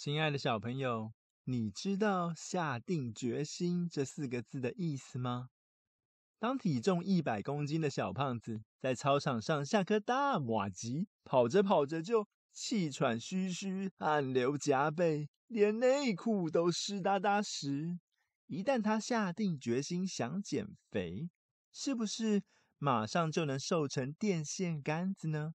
親愛的小朋友，你知道“下定決心”這四個字的意思嗎？當體重一百公斤的小胖子在操場上像顆大麻吉，跑着跑着就氣喘吁吁、汗流浹背，連內褲都濕噠噠時，一旦他下定決心想減肥，是不是馬上就能瘦成電線桿子呢？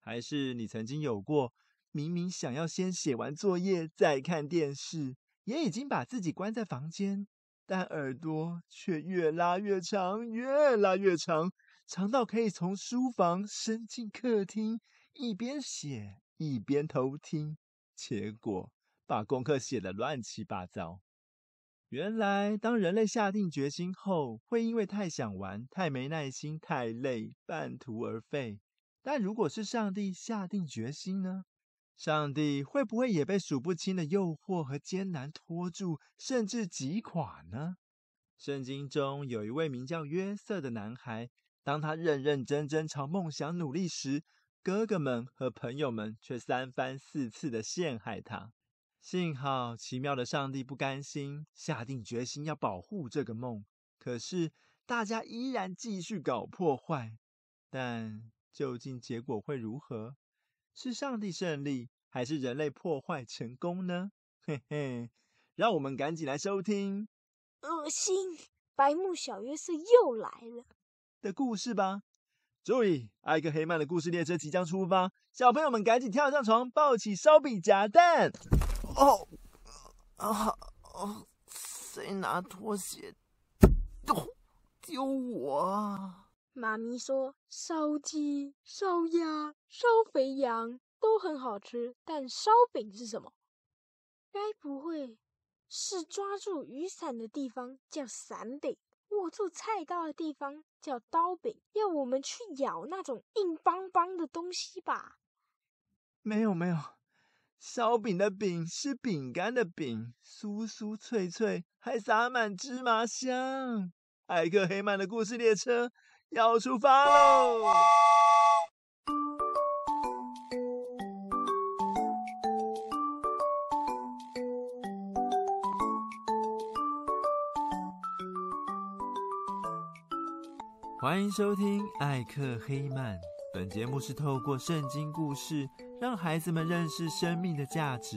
還是你曾經有過？明明想要先寫完作業再看電視，也已經把自己關在房間，但耳朵卻越拉越長，越拉越長，長到可以從書房伸進客廳，一邊寫一邊偷聽，結果把功課寫得亂七八糟。原來，當人類下定決心後，會因為太想玩、太沒耐心、太累，半途而廢。但如果是上帝下定決心呢？上帝會不會也被數不清的誘惑和艱難拖住，甚至擊垮呢？聖經中有一位名叫約瑟的男孩，當他認認真真朝夢想努力時，哥哥們和朋友們卻三番四次的陷害他。幸好，奇妙的上帝不甘心，下定決心要保護這個夢。可是，大家依然繼續搞破壞。但究竟結果會如何？是上帝勝利，還是人類破壞成功呢？嘿嘿，讓我們趕緊來收聽《噁心白木小約瑟又來了》的故事吧！注意，艾克黑曼的故事列車即將出發，小朋友們趕緊跳上床，抱起燒餅夾蛋。哦，啊，誰拿拖鞋？哦、丟我、啊！媽咪說：“燒雞、燒鴨、燒肥羊都很好吃，但燒餅是什麼？該不會是抓住雨傘的地方叫傘柄，握住菜刀的地方叫刀柄？要我們去咬那種硬邦邦的東西吧？”沒有沒有，燒餅的餅是餅乾的餅，酥酥脆脆，還撒滿芝麻香。艾克黑曼的故事列車。要出發嘍！歡迎收聽艾克黑漫。本節目是透過聖經故事，讓孩子們認識生命的價值，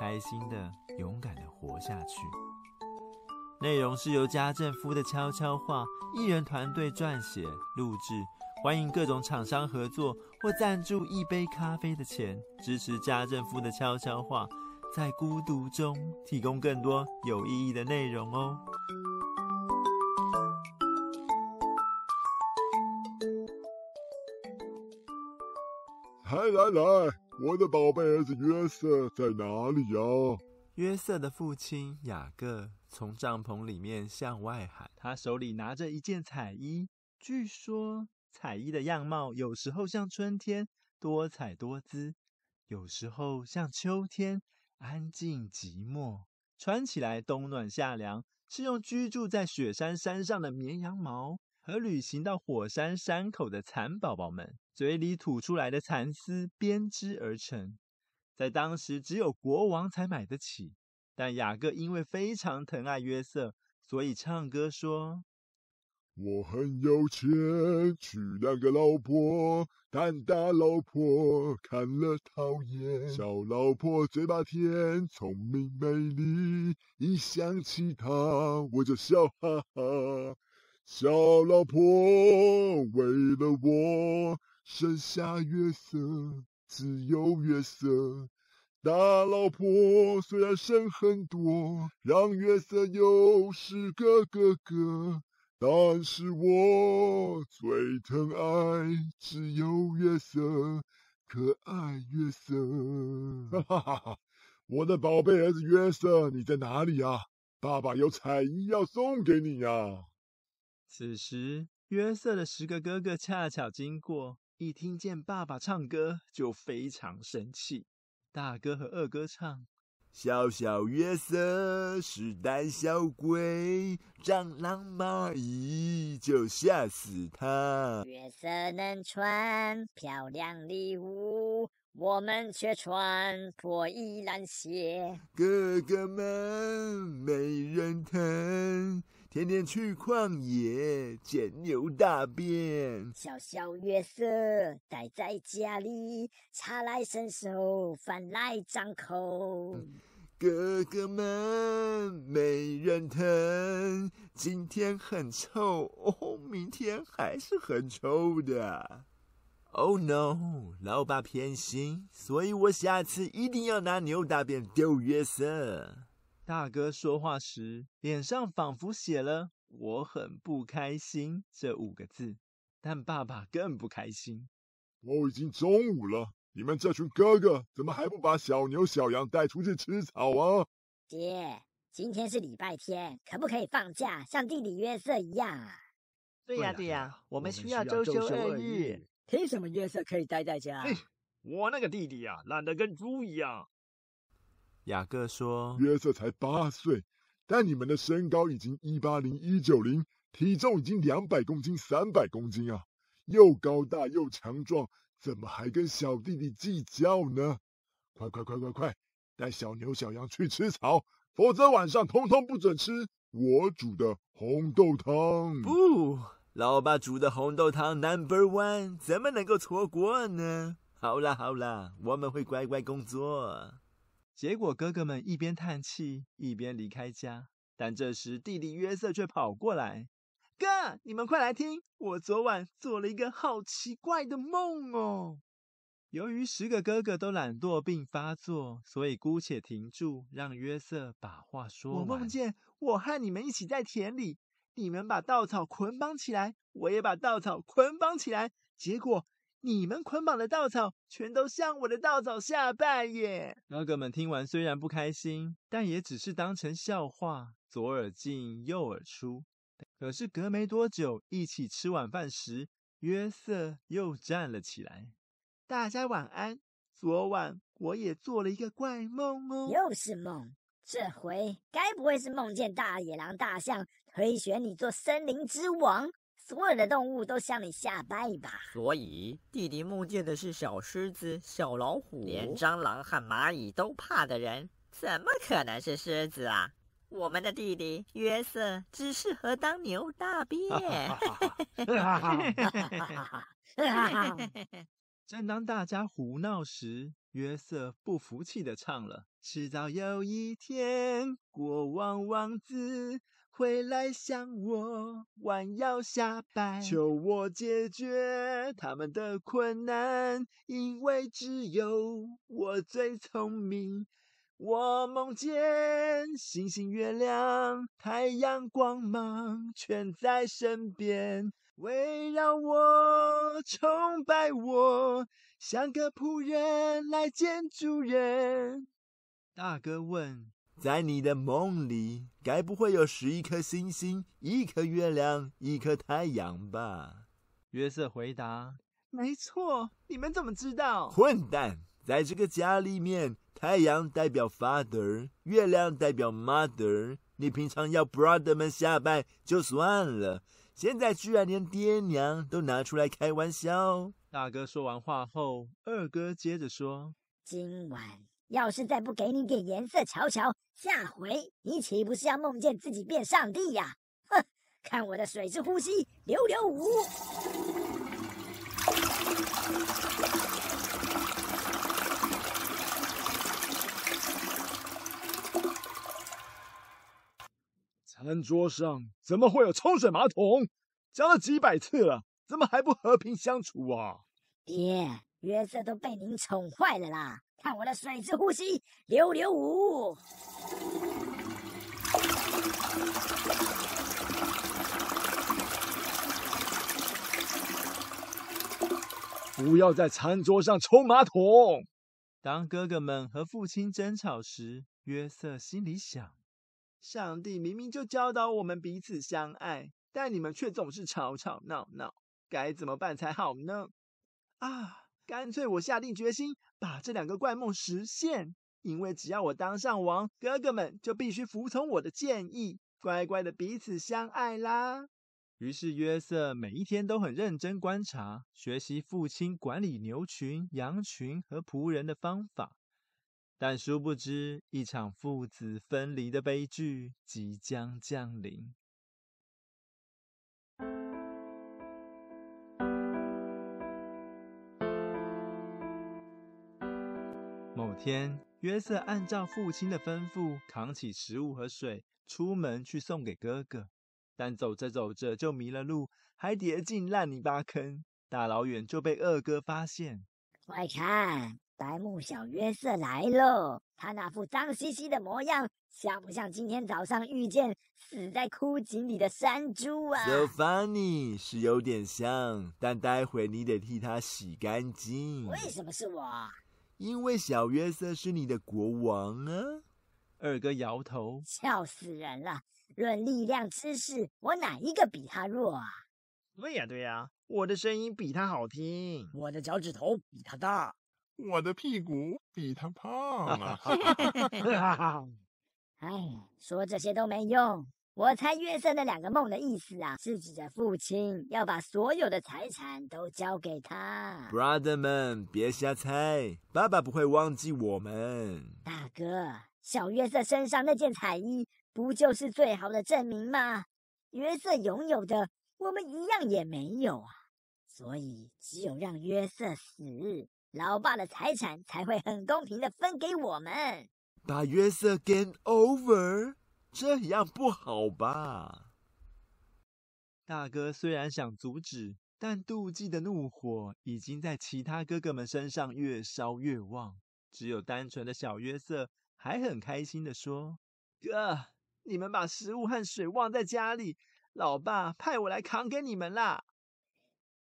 開心的、勇敢的活下去。內容是由家政夫的悄悄話藝人團隊撰寫、錄製，歡迎各種廠商合作或贊助一杯咖啡的錢，支持家政夫的悄悄話，在孤獨中提供更多有意義的內容哦。來來來，我的寶貝兒子約瑟在哪裡啊？約瑟的父親雅各，從帳篷裡面向外喊，他手裡拿着一件彩衣。據說彩衣的樣貌有時候像春天多彩多姿，有時候像秋天安靜寂寞。穿起來冬暖夏涼，是用居住在雪山山上的綿羊毛和旅行到火山山口的蠶寶寶們嘴裡吐出來的蠶絲編織而成。在當時，只有國王才買得起。但雅各因為非常疼愛約瑟，所以唱歌說：“我很有錢，娶兩個老婆，但大老婆看了討厭，小老婆嘴巴甜，聰明美麗，一想起她我就笑哈哈。小老婆為了我生下約瑟，只有約瑟。”大老婆雖然生很多，讓約瑟有十個哥哥，但是我最疼愛只有約瑟，可愛約瑟。哈哈哈！哈，我的寶貝兒子約瑟，你在哪裡呀、啊？爸爸有彩衣要送給你呀、啊。此時，約瑟的十個哥哥恰巧經過，一聽見爸爸唱歌，就非常生氣。大哥和二哥唱：小小約瑟是膽小鬼，蟑螂螞蟻就嚇死他。約瑟能穿漂亮禮物，我們卻穿破衣爛鞋。哥哥們沒人疼。天天去曠野撿牛大便，小小約瑟待在家裡，茶來伸手，飯來張口。哥哥們沒人疼，今天很臭哦，明天還是很臭的。Oh no，老爸偏心，所以我下次一定要拿牛大便丟約瑟。大哥說話時，臉上仿佛寫了“我很不開心”這五個字，但爸爸更不開心。都、哦、已經中午了，你們這群哥哥怎麼還不把小牛、小羊帶出去吃草啊？爹，今天是禮拜天，可不可以放假，像弟弟約瑟一樣啊？對呀、啊、對呀、啊，我們需要周休二日。憑什麼約瑟可以待在家？我那個弟弟呀、啊，懶得跟豬一樣。雅各說：“約瑟才八歲，但你們的身高已經一八零一九零，體重已經兩百公斤、三百公斤啊！又高大又強壯，怎麼還跟小弟弟計較呢？快快快快快，帶小牛、小羊去吃草，否則晚上通通不准吃我煮的紅豆湯。不，老爸煮的紅豆湯 Number One，怎麼能夠錯過呢？好啦好啦，我們會乖乖工作。”結果哥哥們一邊嘆氣一邊離開家，但這時弟弟約瑟卻跑過來：“哥，你們快來聽，我昨晚做了一個好奇怪的夢哦。”由於十個哥哥都懶惰病發作，所以姑且停住，讓約瑟把話說完。我夢，夢見我和你們一起在田裡，你們把稻草捆綁起來，我也把稻草捆綁起來，結果……你們捆綁的稻草全都向我的稻草下拜耶！哥哥們聽完雖然不開心，但也只是當成笑話，左耳進右耳出。可是隔沒多久，一起吃晚飯時，約瑟又站了起來：“大家晚安，昨晚我也做了一個怪夢哦。”又是夢，這回該不會是夢見大野狼、大象推選你做森林之王？所有的動物都向你下拜吧。所以弟弟夢見的是小獅子、小老虎，連蟑螂和螞蟻都怕的人，怎麼可能是獅子啊？我們的弟弟約瑟只適合當牛大便。 正當大家胡鬧時，約瑟不服氣地唱了：“遲早有一天，國王王子。”回來向我彎腰下拜，求我解決他們的困難，因為只有我最聰明。我夢見星星、月亮、太陽光芒全在身邊，圍繞我，崇拜我，像個僕人來見主人。大哥問。在你的夢裡，該不會有十一顆星星、一顆月亮、一顆太陽吧？約瑟回答：“沒錯，你們怎麼知道？混蛋，在這個家裡面，太陽代表 father，月亮代表 mother。你平常要 brother 們下拜就算了，現在居然連爹娘都拿出來開玩笑哦。”大哥說完話後，二哥接着說：“今晚。”要是再不給你點顏色瞧瞧，下回你豈不是要夢見自己變上帝呀、啊？哼！看我的水之呼吸，流流舞。餐桌上怎麼會有沖水馬桶？講了幾百次了，怎麼還不和平相處啊？爹，約瑟都被您寵壞了啦。看我的水之呼吸六六五！流流，不要在餐桌上沖馬桶。當哥哥們和父親爭吵時，約瑟心裡想：上帝明明就教導我們彼此相愛，但你們卻總是吵吵鬧鬧，該怎麼辦才好呢？啊！乾脆我下定決心把這兩個怪夢實現，因為只要我當上王，哥哥們就必須服從我的建議，乖乖的彼此相愛啦。於是約瑟每一天都很認真觀察，學習父親管理牛群、羊群和僕人的方法。但殊不知，一場父子分離的悲劇即將降臨。天，約瑟按照父親的吩咐，扛起食物和水，出門去送給哥哥。但走着走着就迷了路，還跌進爛泥巴坑，大老遠就被二哥發現。快看，白目小約瑟來嘍！他那副髒兮兮的模樣，像不像今天早上遇見死在枯井裡的山豬啊？So funny，是有點像，但待會你得替他洗乾淨。為什麼是我？因為小約瑟是你的國王啊！二哥搖頭，笑死人了。論力量知識，我哪一個比他弱啊？對呀對呀，我的聲音比他好聽，我的腳趾頭比他大，我的屁股比他胖啊！哎， 說這些都沒用。我猜約瑟那兩個夢的意思啊，是指着父親要把所有的財產都交給他。Brother 們別瞎猜，爸爸不會忘記我們。大哥，小約瑟身上那件彩衣不就是最好的證明嗎？約瑟擁有的，我們一樣也沒有啊，所以只有讓約瑟死，老爸的財產才會很公平地分給我們。把約瑟 game over。這樣不好吧？大哥雖然想阻止，但妒忌的怒火已經在其他哥哥們身上越燒越旺。只有單純的小約瑟還很開心地說：“哥，你們把食物和水忘在家裡，老爸派我來扛給你們啦！”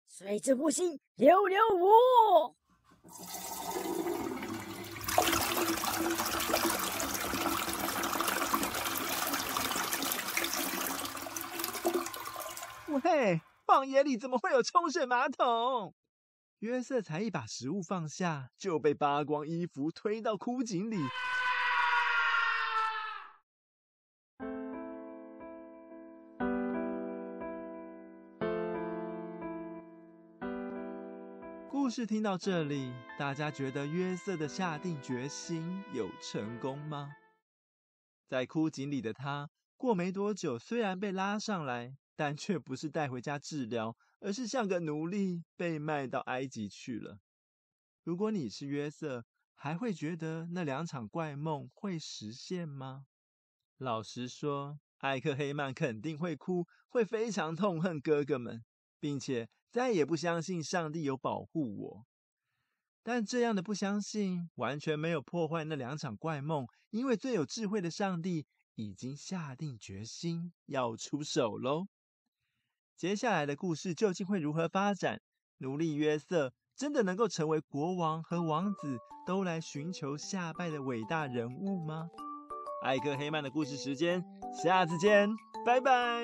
水之呼吸六六五。流流無哎，曠野裡怎麼會有沖水馬桶？約瑟才一把食物放下，就被扒光衣服推到枯井裡。啊、故事聽到這裡，大家覺得約瑟的下定決心有成功嗎？在枯井裡的他，過沒多久，雖然被拉上來。但卻不是帶回家治療，而是像個奴隸被賣到埃及去了。如果你是約瑟，還會覺得那兩場怪夢會實現嗎？老實說，艾克黑曼肯定會哭，會非常痛恨哥哥們，並且再也不相信上帝有保護我。但這樣的不相信完全沒有破壞那兩場怪夢，因為最有智慧的上帝已經下定決心要出手嘍。接下來的故事究竟會如何發展？奴隸約瑟真的能夠成為國王和王子都來尋求下拜的偉大人物嗎？艾克黑曼的故事時間，下次見，拜拜。